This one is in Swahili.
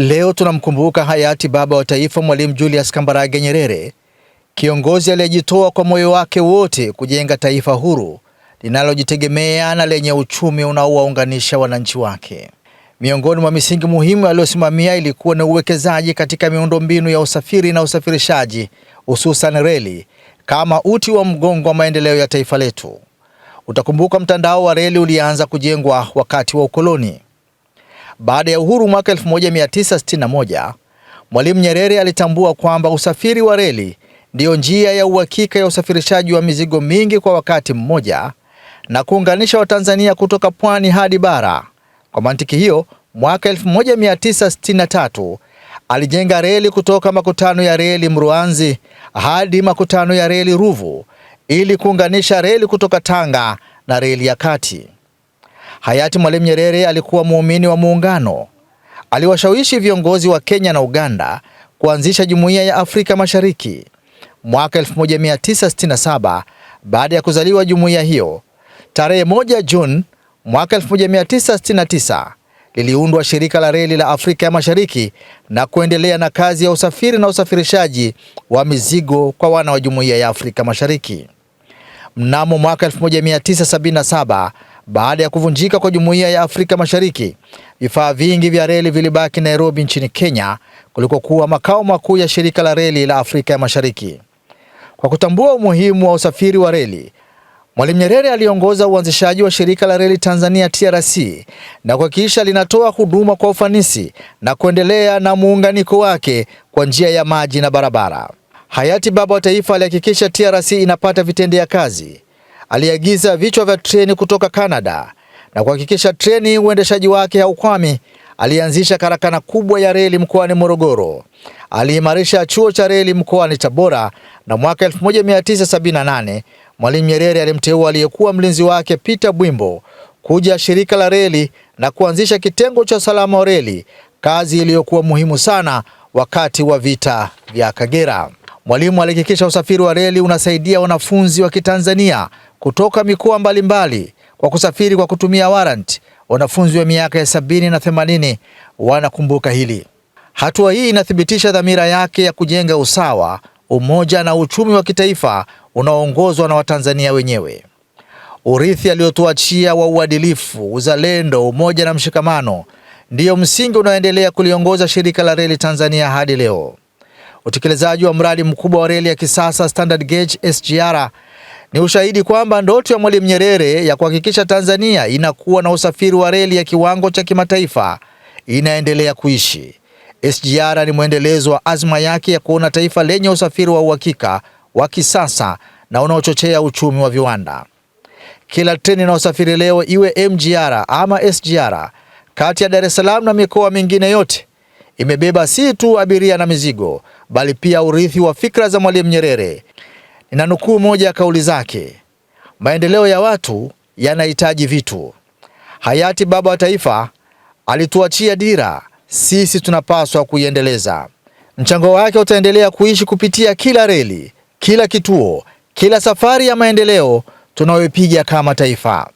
Leo tunamkumbuka hayati baba wa taifa Mwalimu Julius Kambarage Nyerere, kiongozi aliyejitoa kwa moyo wake wote kujenga taifa huru linalojitegemea na lenye uchumi unaowaunganisha wananchi wake. Miongoni mwa misingi muhimu aliyosimamia ilikuwa ni uwekezaji katika miundombinu ya usafiri na usafirishaji, hususan reli kama uti wa mgongo wa maendeleo ya taifa letu. Utakumbuka mtandao wa reli ulianza kujengwa wakati wa ukoloni. Baada ya uhuru mwaka 1961, Mwalimu Nyerere alitambua kwamba usafiri wa reli ndiyo njia ya uhakika ya usafirishaji wa mizigo mingi kwa wakati mmoja na kuunganisha Watanzania kutoka pwani hadi bara. Kwa mantiki hiyo, mwaka 1963 alijenga reli kutoka makutano ya reli Mruanzi hadi makutano ya reli Ruvu ili kuunganisha reli kutoka Tanga na reli ya kati. Hayati Mwalimu Nyerere alikuwa muumini wa muungano. Aliwashawishi viongozi wa Kenya na Uganda kuanzisha Jumuiya ya Afrika Mashariki mwaka 1967 baada ya kuzaliwa jumuiya hiyo. Tarehe 1 Juni mwaka 1969 liliundwa shirika la reli la Afrika ya Mashariki na kuendelea na kazi ya usafiri na usafirishaji wa mizigo kwa wana wa Jumuiya ya Afrika Mashariki. Mnamo mwaka 1977 baada ya kuvunjika kwa Jumuiya ya Afrika Mashariki, vifaa vingi vya reli vilibaki Nairobi nchini Kenya kulikokuwa makao makuu ya shirika la reli la Afrika ya Mashariki. Kwa kutambua umuhimu wa usafiri wa reli, Mwalimu Nyerere aliongoza uanzishaji wa shirika la reli Tanzania TRC na kuhakikisha linatoa huduma kwa ufanisi na kuendelea na muunganiko wake kwa njia ya maji na barabara. Hayati baba wa taifa alihakikisha TRC inapata vitendea kazi aliagiza vichwa vya treni kutoka Kanada na kuhakikisha treni uendeshaji wake haukwami. Alianzisha karakana kubwa ya reli mkoani Morogoro. Aliimarisha chuo cha reli mkoani Tabora, na mwaka 1978 Mwalimu Nyerere alimteua aliyekuwa mlinzi wake Peter Bwimbo kuja shirika la reli na kuanzisha kitengo cha usalama wa reli, kazi iliyokuwa muhimu sana wakati wa vita vya Kagera. Mwalimu alihakikisha usafiri wa reli unasaidia wanafunzi wa Kitanzania kutoka mikoa mbalimbali kwa kusafiri kwa kutumia warrant. Wanafunzi wa miaka ya sabini na themanini wanakumbuka hili. Hatua hii inathibitisha dhamira yake ya kujenga usawa, umoja na uchumi wa kitaifa unaoongozwa na Watanzania wenyewe. Urithi aliotuachia wa uadilifu, uzalendo, umoja na mshikamano ndiyo msingi unaoendelea kuliongoza shirika la reli Tanzania hadi leo. Utekelezaji wa mradi mkubwa wa reli ya kisasa Standard Gauge SGR ni ushahidi kwamba ndoto ya Mwalimu Nyerere ya kuhakikisha Tanzania inakuwa na usafiri wa reli ya kiwango cha kimataifa inaendelea kuishi. SGR ni mwendelezo wa azma yake ya kuona taifa lenye usafiri wa uhakika wa kisasa na unaochochea uchumi wa viwanda. Kila treni inayosafiri leo iwe MGR ama SGR kati ya Dar es Salaam na mikoa mingine yote imebeba si tu abiria na mizigo, bali pia urithi wa fikra za Mwalimu Nyerere na nukuu moja ya kauli zake, maendeleo ya watu yanahitaji vitu. Hayati baba wa taifa alituachia dira, sisi tunapaswa kuiendeleza. Mchango wake utaendelea kuishi kupitia kila reli, kila kituo, kila safari ya maendeleo tunayoipiga kama taifa.